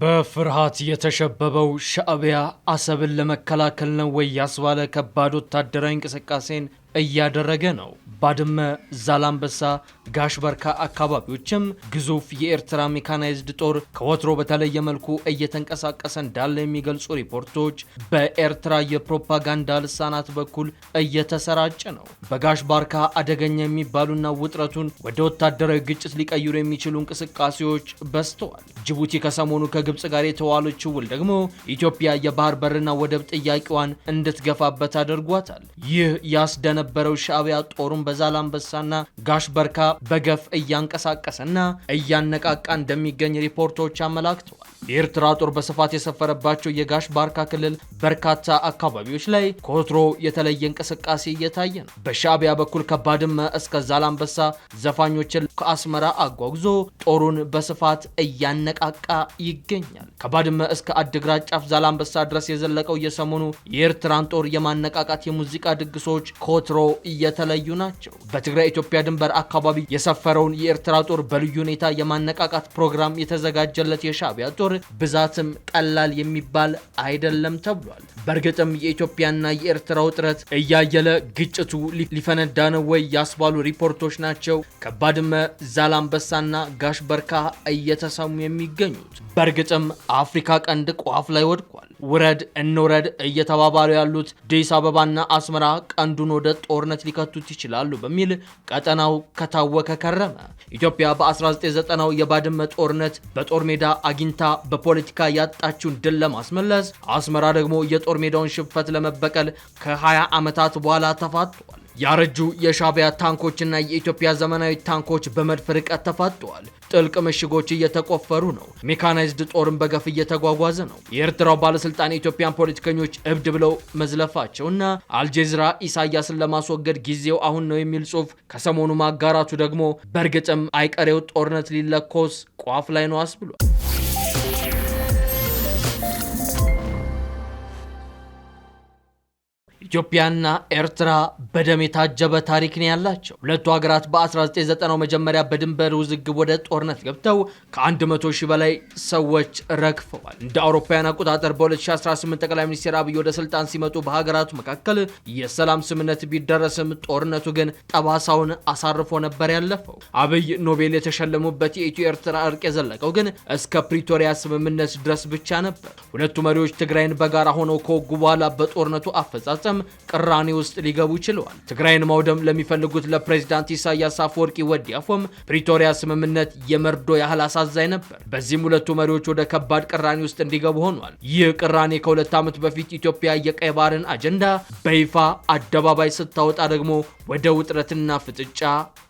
በፍርሃት የተሸበበው ሻዕቢያ አሰብን ለመከላከል ነው ወይ ያስባለ ከባድ ወታደራዊ እንቅስቃሴን እያደረገ ነው። ባድመ፣ ዛላምበሳ፣ ጋሽ በርካ አካባቢዎችም ግዙፍ የኤርትራ ሜካናይዝድ ጦር ከወትሮ በተለየ መልኩ እየተንቀሳቀሰ እንዳለ የሚገልጹ ሪፖርቶች በኤርትራ የፕሮፓጋንዳ ልሳናት በኩል እየተሰራጨ ነው። በጋሽ ባርካ አደገኛ የሚባሉና ውጥረቱን ወደ ወታደራዊ ግጭት ሊቀይሩ የሚችሉ እንቅስቃሴዎች በዝተዋል። ጅቡቲ ከሰሞኑ ከግብፅ ጋር የተዋለችው ውል ደግሞ ኢትዮጵያ የባህር በርና ወደብ ጥያቄዋን እንድትገፋበት አድርጓታል። ይህ ያስደነ የነበረው ሻዕቢያ ጦሩን በዛላምበሳና ጋሽ በርካ በገፍ እያንቀሳቀሰና እያነቃቃ እንደሚገኝ ሪፖርቶች አመላክተዋል። የኤርትራ ጦር በስፋት የሰፈረባቸው የጋሽ ባርካ ክልል በርካታ አካባቢዎች ላይ ከወትሮ የተለየ እንቅስቃሴ እየታየ ነው። በሻዕቢያ በኩል ከባድመ እስከ ዛላምበሳ ዘፋኞችን ከአስመራ አጓጉዞ ጦሩን በስፋት እያነቃቃ ይገኛል። ከባድመ እስከ አድግራት ጫፍ ዛላምበሳ ድረስ የዘለቀው የሰሞኑ የኤርትራን ጦር የማነቃቃት የሙዚቃ ድግሶች ከወትሮ በተፈጥሮ እየተለዩ ናቸው። በትግራይ ኢትዮጵያ ድንበር አካባቢ የሰፈረውን የኤርትራ ጦር በልዩ ሁኔታ የማነቃቃት ፕሮግራም የተዘጋጀለት የሻቢያ ጦር ብዛትም ቀላል የሚባል አይደለም ተብሏል። በእርግጥም የኢትዮጵያና የኤርትራ ውጥረት እያየለ ግጭቱ ሊፈነዳ ነው ወይ ያስባሉ ሪፖርቶች ናቸው ከባድመ ዛላምበሳና ጋሽ በርካ እየተሰሙ የሚገኙት። በእርግጥም አፍሪካ ቀንድ ቋፍ ላይ ወድቋል። ውረድ እንውረድ እየተባባሉ ያሉት አዲስ አበባና አስመራ ቀንዱን ወደ ጦርነት ሊከቱት ይችላሉ በሚል ቀጠናው ከታወከ ከረመ። ኢትዮጵያ በ1990ው የባድመ ጦርነት በጦር ሜዳ አግኝታ በፖለቲካ ያጣችውን ድል ለማስመለስ፣ አስመራ ደግሞ የጦር ሜዳውን ሽንፈት ለመበቀል ከ20 ዓመታት በኋላ ተፋቷል። ያረጁ የሻቢያ ታንኮችና የኢትዮጵያ ዘመናዊ ታንኮች በመድፍ ርቀት ተፋጠዋል። ጥልቅ ምሽጎች እየተቆፈሩ ነው። ሜካናይዝድ ጦርን በገፍ እየተጓጓዘ ነው። የኤርትራው ባለስልጣን የኢትዮጵያን ፖለቲከኞች እብድ ብለው መዝለፋቸው እና አልጀዚራ ኢሳያስን ለማስወገድ ጊዜው አሁን ነው የሚል ጽሁፍ ከሰሞኑ ማጋራቱ ደግሞ በእርግጥም አይቀሬው ጦርነት ሊለኮስ ቋፍ ላይ ነው አስብሏል። ኢትዮጵያና ኤርትራ በደም የታጀበ ታሪክ ነው ያላቸው። ሁለቱ ሀገራት በ1990 መጀመሪያ በድንበር ውዝግብ ወደ ጦርነት ገብተው ከ100 ሺህ በላይ ሰዎች ረግፈዋል። እንደ አውሮፓውያን አቆጣጠር በ2018 ጠቅላይ ሚኒስትር አብይ ወደ ስልጣን ሲመጡ በሀገራቱ መካከል የሰላም ስምምነት ቢደረስም ጦርነቱ ግን ጠባሳውን አሳርፎ ነበር ያለፈው። አብይ ኖቤል የተሸለሙበት የኢትዮ ኤርትራ እርቅ የዘለቀው ግን እስከ ፕሪቶሪያ ስምምነት ድረስ ብቻ ነበር። ሁለቱ መሪዎች ትግራይን በጋራ ሆነው ከወጉ በኋላ በጦርነቱ አፈጻጸም በመጠቀም ቅራኔ ውስጥ ሊገቡ ችለዋል። ትግራይን ማውደም ለሚፈልጉት ለፕሬዚዳንት ኢሳያስ አፈወርቂ ወዲያፎም ፕሪቶሪያ ስምምነት የመርዶ ያህል አሳዛኝ ነበር። በዚህም ሁለቱ መሪዎች ወደ ከባድ ቅራኔ ውስጥ እንዲገቡ ሆኗል። ይህ ቅራኔ ከሁለት ዓመት በፊት ኢትዮጵያ የቀይ ባህርን አጀንዳ በይፋ አደባባይ ስታወጣ ደግሞ ወደ ውጥረትና ፍጥጫ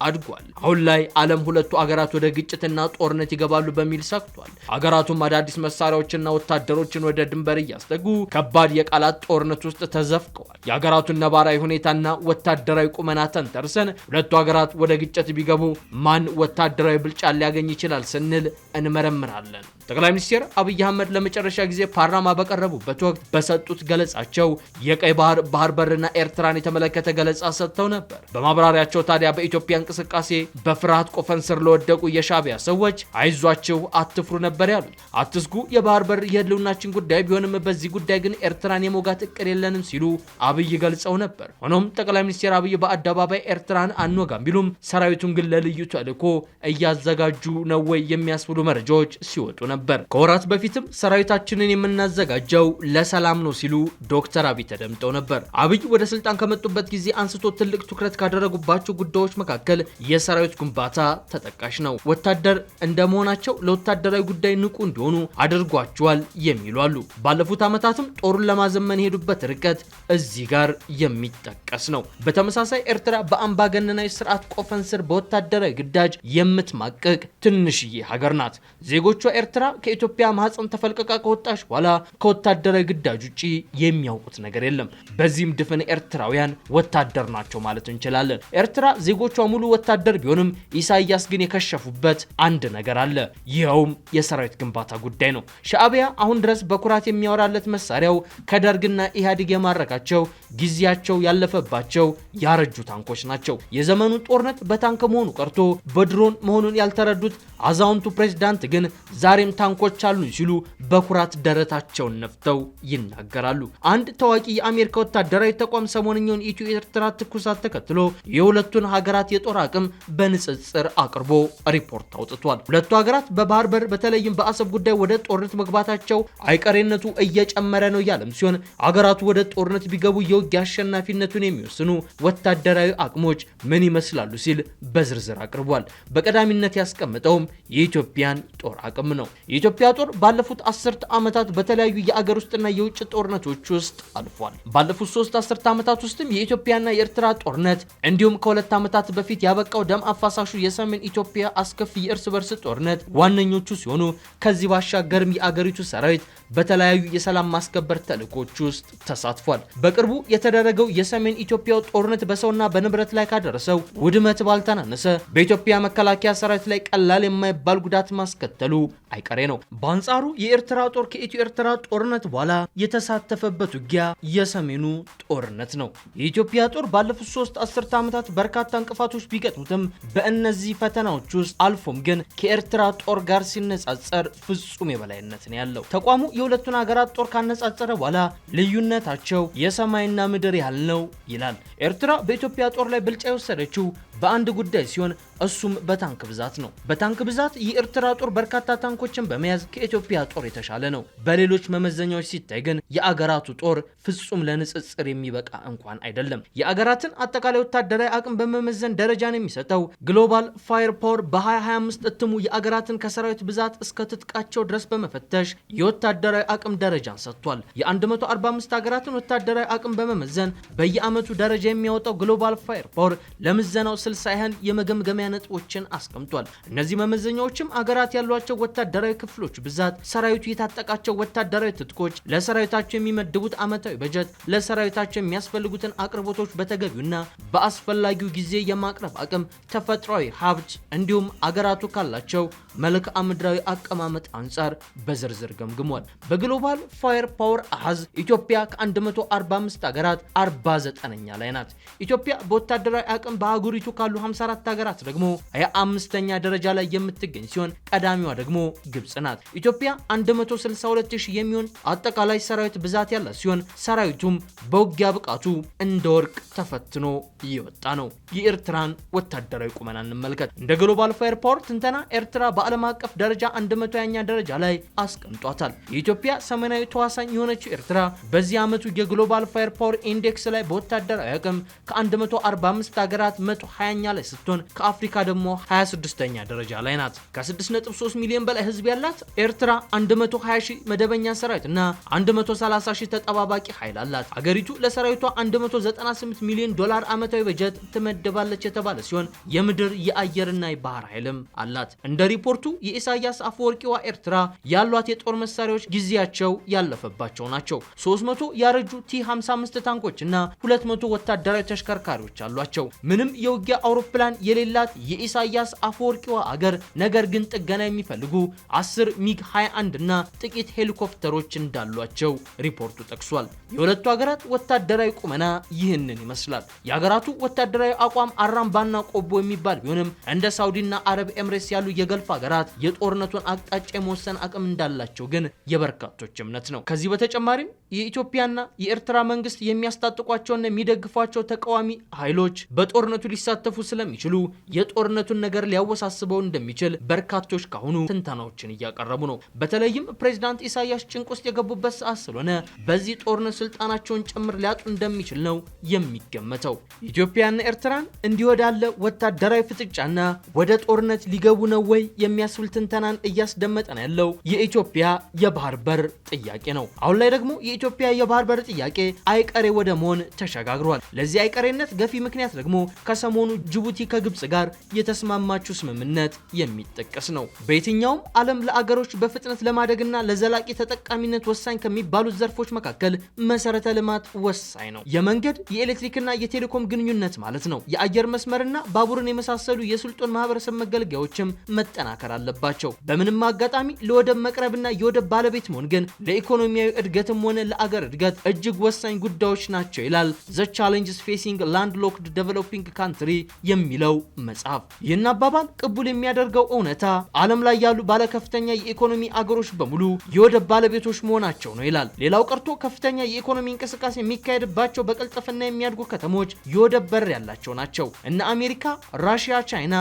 አድጓል። አሁን ላይ ዓለም ሁለቱ አገራት ወደ ግጭትና ጦርነት ይገባሉ በሚል ሰግቷል። አገራቱም አዳዲስ መሳሪያዎችና ወታደሮችን ወደ ድንበር እያስጠጉ ከባድ የቃላት ጦርነት ውስጥ ተዘፍቀዋል። የሀገራቱን ነባራዊ ሁኔታና ወታደራዊ ቁመና ተንተርሰን ሁለቱ ሀገራት ወደ ግጭት ቢገቡ ማን ወታደራዊ ብልጫ ሊያገኝ ይችላል ስንል እንመረምራለን። ጠቅላይ ሚኒስትር አብይ አህመድ ለመጨረሻ ጊዜ ፓርላማ በቀረቡበት ወቅት በሰጡት ገለጻቸው የቀይ ባህር ባህር በርና ኤርትራን የተመለከተ ገለጻ ሰጥተው ነበር። በማብራሪያቸው ታዲያ በኢትዮጵያ እንቅስቃሴ በፍርሃት ቆፈን ስር ለወደቁ የሻቢያ ሰዎች አይዟቸው፣ አትፍሩ ነበር ያሉት። አትስጉ፣ የባህር በር የህልውናችን ጉዳይ ቢሆንም በዚህ ጉዳይ ግን ኤርትራን የሞጋት እቅድ የለንም ሲሉ አብይ ገልጸው ነበር። ሆኖም ጠቅላይ ሚኒስትር አብይ በአደባባይ ኤርትራን አንወጋም ቢሉም ሰራዊቱን ግን ለልዩ ተልዕኮ እያዘጋጁ ነው ወይ የሚያስብሉ መረጃዎች ሲወጡ ነበር። ነበር። ከወራት በፊትም ሰራዊታችንን የምናዘጋጀው ለሰላም ነው ሲሉ ዶክተር አብይ ተደምጠው ነበር። አብይ ወደ ስልጣን ከመጡበት ጊዜ አንስቶ ትልቅ ትኩረት ካደረጉባቸው ጉዳዮች መካከል የሰራዊት ግንባታ ተጠቃሽ ነው። ወታደር እንደመሆናቸው ለወታደራዊ ጉዳይ ንቁ እንዲሆኑ አድርጓቸዋል የሚሉ አሉ። ባለፉት ዓመታትም ጦሩን ለማዘመን የሄዱበት ርቀት እዚህ ጋር የሚጠቀስ ነው። በተመሳሳይ ኤርትራ በአምባገነናዊ ስርዓት ቆፈን ስር በወታደራዊ ግዳጅ የምትማቀቅ ትንሽዬ ሀገር ናት። ዜጎቿ ኤርትራ ከኢትዮጵያ ማህፀን ተፈልቀቃ ከወጣች በኋላ ከወታደራዊ ግዳጅ ውጭ የሚያውቁት ነገር የለም። በዚህም ድፍን ኤርትራውያን ወታደር ናቸው ማለት እንችላለን። ኤርትራ ዜጎቿ ሙሉ ወታደር ቢሆንም ኢሳያስ ግን የከሸፉበት አንድ ነገር አለ። ይኸውም የሰራዊት ግንባታ ጉዳይ ነው። ሻዕቢያ አሁን ድረስ በኩራት የሚያወራለት መሳሪያው ከደርግና ኢህአዴግ የማረካቸው ጊዜያቸው ያለፈባቸው ያረጁ ታንኮች ናቸው። የዘመኑ ጦርነት በታንክ መሆኑ ቀርቶ በድሮን መሆኑን ያልተረዱት አዛውንቱ ፕሬዝዳንት ግን ዛሬም ታንኮች አሉን ሲሉ በኩራት ደረታቸውን ነፍተው ይናገራሉ። አንድ ታዋቂ የአሜሪካ ወታደራዊ ተቋም ሰሞንኛውን ኢትዮ ኤርትራ ትኩሳት ተከትሎ የሁለቱን ሀገራት የጦር አቅም በንጽጽር አቅርቦ ሪፖርት አውጥቷል። ሁለቱ ሀገራት በባህር በር በተለይም በአሰብ ጉዳይ ወደ ጦርነት መግባታቸው አይቀሬነቱ እየጨመረ ነው ያለም ሲሆን ሀገራቱ ወደ ጦርነት ቢገቡ የውጊያ አሸናፊነቱን የሚወስኑ ወታደራዊ አቅሞች ምን ይመስላሉ ሲል በዝርዝር አቅርቧል። በቀዳሚነት ያስቀምጠውም የኢትዮጵያን ጦር አቅም ነው። የኢትዮጵያ ጦር ባለፉት አስርተ ዓመታት በተለያዩ የአገር ውስጥና የውጭ ጦርነቶች ውስጥ አልፏል። ባለፉት ሶስት አስርተ ዓመታት ውስጥም የኢትዮጵያና የኤርትራ ጦርነት እንዲሁም ከሁለት ዓመታት በፊት ያበቃው ደም አፋሳሹ የሰሜን ኢትዮጵያ አስከፊ የእርስ በርስ ጦርነት ዋነኞቹ ሲሆኑ ከዚህ ባሻገርም የአገሪቱ ሰራዊት በተለያዩ የሰላም ማስከበር ተልእኮች ውስጥ ተሳትፏል። በቅርቡ የተደረገው የሰሜን ኢትዮጵያው ጦርነት በሰውና በንብረት ላይ ካደረሰው ውድመት ባልተናነሰ በኢትዮጵያ መከላከያ ሰራዊት ላይ ቀላል የማይባል ጉዳት ማስከተሉ አይቀሬ ነው። በአንጻሩ የኤርትራ ጦር ከኢትዮ ኤርትራ ጦርነት በኋላ የተሳተፈበት ውጊያ የሰሜኑ ጦርነት ነው። የኢትዮጵያ ጦር ባለፉት ሶስት አስርተ ዓመታት በርካታ እንቅፋቶች ቢገጥሙትም በእነዚህ ፈተናዎች ውስጥ አልፎም ግን ከኤርትራ ጦር ጋር ሲነጻጸር ፍጹም ነው ያለው ተቋሙ የሁለቱን ሀገራት ጦር ካነጻጸረ በኋላ ልዩነታቸው የሰማይና ምድር ያህል ነው ይላል። ኤርትራ በኢትዮጵያ ጦር ላይ ብልጫ የወሰደችው በአንድ ጉዳይ ሲሆን እሱም በታንክ ብዛት ነው። በታንክ ብዛት የኤርትራ ጦር በርካታ ታንኮችን በመያዝ ከኢትዮጵያ ጦር የተሻለ ነው። በሌሎች መመዘኛዎች ሲታይ ግን የአገራቱ ጦር ፍጹም ለንጽጽር የሚበቃ እንኳን አይደለም። የአገራትን አጠቃላይ ወታደራዊ አቅም በመመዘን ደረጃን የሚሰጠው ግሎባል ፋየር ፓወር በ2025 እትሙ የአገራትን ከሰራዊት ብዛት እስከ ትጥቃቸው ድረስ በመፈተሽ የወታደራዊ አቅም ደረጃን ሰጥቷል። የ145 አገራትን ወታደራዊ አቅም በመመዘን በየዓመቱ ደረጃ የሚያወጣው ግሎባል ፋየር ፓወር ለምዘናው ምስል ሳይሆን የመገምገሚያ ነጥቦችን አስቀምጧል። እነዚህ መመዘኛዎችም አገራት ያሏቸው ወታደራዊ ክፍሎች ብዛት፣ ሰራዊቱ የታጠቃቸው ወታደራዊ ትጥቆች፣ ለሰራዊታቸው የሚመድቡት ዓመታዊ በጀት፣ ለሰራዊታቸው የሚያስፈልጉትን አቅርቦቶች በተገቢውና በአስፈላጊው ጊዜ የማቅረብ አቅም፣ ተፈጥሯዊ ሀብት እንዲሁም አገራቱ ካላቸው መልክዓ ምድራዊ አቀማመጥ አንጻር በዝርዝር ገምግሟል። በግሎባል ፋየር ፓወር አሃዝ ኢትዮጵያ ከ145 ሀገራት 49ኛ ላይ ናት። ኢትዮጵያ በወታደራዊ አቅም በአህጉሪቱ ካሉ 54 ሀገራት ደግሞ 25ኛ ደረጃ ላይ የምትገኝ ሲሆን ቀዳሚዋ ደግሞ ግብጽ ናት። ኢትዮጵያ 162 ሺህ የሚሆን አጠቃላይ ሰራዊት ብዛት ያላት ሲሆን ሰራዊቱም በውጊያ ብቃቱ እንደ ወርቅ ተፈትኖ እየወጣ ነው። የኤርትራን ወታደራዊ ቁመና እንመልከት። እንደ ግሎባል ፋየር ፓወር ትንተና ኤርትራ በዓለም አቀፍ ደረጃ 120ኛ ደረጃ ላይ አስቀምጧታል። የኢትዮጵያ ሰሜናዊ ተዋሳኝ የሆነችው ኤርትራ በዚህ ዓመቱ የግሎባል ፋየር ፓወር ኢንዴክስ ላይ በወታደራዊ አቅም ከ145 ሀገራት 120 20ኛ ላይ ስትሆን ከአፍሪካ ደግሞ 26ኛ ደረጃ ላይ ናት። ከ6.3 ሚሊዮን በላይ ህዝብ ያላት ኤርትራ 120 ሺህ መደበኛ ሰራዊት እና 130 ሺህ ተጠባባቂ ኃይል አላት። አገሪቱ ለሰራዊቷ 198 ሚሊዮን ዶላር ዓመታዊ በጀት ትመደባለች የተባለ ሲሆን የምድር የአየርና የባህር ኃይልም አላት። እንደ ሪፖርቱ የኢሳያስ አፈወርቂዋ ኤርትራ ያሏት የጦር መሳሪያዎች ጊዜያቸው ያለፈባቸው ናቸው። 300 ያረጁ ቲ55 ታንኮች እና 200 ወታደራዊ ተሽከርካሪዎች አሏቸው። ምንም የውጊያ አውሮፕላን የሌላት የኢሳያስ አፈወርቂዋ አገር ነገር ግን ጥገና የሚፈልጉ 10 ሚግ 21 እና ጥቂት ሄሊኮፕተሮች እንዳሏቸው ሪፖርቱ ጠቅሷል። የሁለቱ ሀገራት ወታደራዊ ቁመና ይህንን ይመስላል። የሀገራቱ ወታደራዊ አቋም አራምባና ቆቦ የሚባል ቢሆንም እንደ ሳውዲና አረብ ኤምሬስ ያሉ የገልፍ ሀገራት የጦርነቱን አቅጣጫ የመወሰን አቅም እንዳላቸው ግን የበርካቶች እምነት ነው። ከዚህ በተጨማሪም የኢትዮጵያና የኤርትራ መንግስት የሚያስታጥቋቸውና የሚደግፏቸው ተቃዋሚ ኃይሎች በጦርነቱ ሊሳተ ሊሳተፉ ስለሚችሉ የጦርነቱን ነገር ሊያወሳስበው እንደሚችል በርካቶች ካሁኑ ትንተናዎችን እያቀረቡ ነው። በተለይም ፕሬዚዳንት ኢሳያስ ጭንቅ ውስጥ የገቡበት ሰዓት ስለሆነ በዚህ ጦርነት ስልጣናቸውን ጭምር ሊያጡ እንደሚችል ነው የሚገመተው። ኢትዮጵያና ኤርትራን እንዲህ ወዳለ ወታደራዊ ፍጥጫና ወደ ጦርነት ሊገቡ ነው ወይ የሚያስብል ትንተናን እያስደመጠ ነው ያለው የኢትዮጵያ የባህር በር ጥያቄ ነው። አሁን ላይ ደግሞ የኢትዮጵያ የባህር በር ጥያቄ አይቀሬ ወደ መሆን ተሸጋግሯል። ለዚህ አይቀሬነት ገፊ ምክንያት ደግሞ ከሰሞኑ ጅቡቲ ከግብፅ ጋር የተስማማችው ስምምነት የሚጠቀስ ነው። በየትኛውም ዓለም ለአገሮች በፍጥነት ለማደግና ለዘላቂ ተጠቃሚነት ወሳኝ ከሚባሉት ዘርፎች መካከል መሰረተ ልማት ወሳኝ ነው። የመንገድ የኤሌክትሪክና የቴሌኮም ግንኙነት ማለት ነው። የአየር መስመርና ባቡርን የመሳሰሉ የስልጡን ማህበረሰብ መገልገያዎችም መጠናከር አለባቸው። በምንም አጋጣሚ ለወደብ መቅረብና የወደብ ባለቤት መሆን ግን ለኢኮኖሚያዊ እድገትም ሆነ ለአገር እድገት እጅግ ወሳኝ ጉዳዮች ናቸው ይላል ዘ ቻሌንጅስ ፌሲንግ ላንድ ሎክድ ዴቨሎፒንግ ካንትሪ የሚለው መጽሐፍ። ይህን አባባል ቅቡል የሚያደርገው እውነታ ዓለም ላይ ያሉ ባለከፍተኛ የኢኮኖሚ አገሮች በሙሉ የወደብ ባለቤቶች መሆናቸው ነው ይላል። ሌላው ቀርቶ ከፍተኛ የኢኮኖሚ እንቅስቃሴ የሚካሄድባቸው በቅልጥፍና የሚያድጉ ከተሞች የወደብ በር ያላቸው ናቸው። እነ አሜሪካ፣ ራሽያ፣ ቻይና፣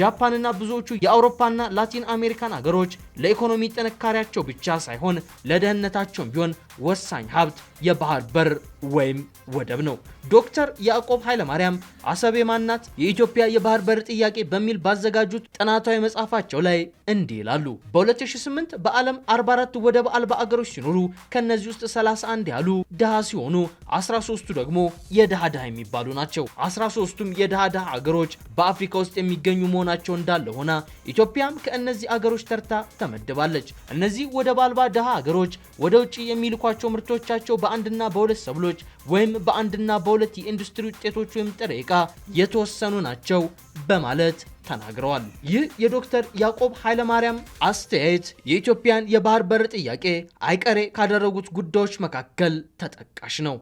ጃፓንና ብዙዎቹ የአውሮፓና ላቲን አሜሪካን አገሮች ለኢኮኖሚ ጥንካሬያቸው ብቻ ሳይሆን ለደህንነታቸውም ቢሆን ወሳኝ ሀብት የባህር በር ወይም ወደብ ነው። ዶክተር ያዕቆብ ኃይለማርያም አሰብ የማን የኢትዮጵያ የባህር በር ጥያቄ በሚል ባዘጋጁት ጥናታዊ መጽሐፋቸው ላይ እንዲህ ይላሉ። በ2008 በዓለም 44 ወደብ አልባ አገሮች ሲኖሩ ከእነዚህ ውስጥ 31 ያሉ ድሃ ሲሆኑ 13ቱ ደግሞ የድሃ ድሃ የሚባሉ ናቸው። 13ቱም የድሃ ድሃ አገሮች በአፍሪካ ውስጥ የሚገኙ መሆናቸው እንዳለ ሆና ኢትዮጵያም ከእነዚህ አገሮች ተርታ ተመድባለች። እነዚህ ወደብ አልባ ድሃ አገሮች ወደ ውጭ የሚልኳቸው ምርቶቻቸው በ በአንድና በሁለት ሰብሎች ወይም በአንድና በሁለት የኢንዱስትሪ ውጤቶች ወይም ጥሬ ዕቃ የተወሰኑ ናቸው በማለት ተናግረዋል። ይህ የዶክተር ያዕቆብ ኃይለማርያም አስተያየት የኢትዮጵያን የባህር በር ጥያቄ አይቀሬ ካደረጉት ጉዳዮች መካከል ተጠቃሽ ነው።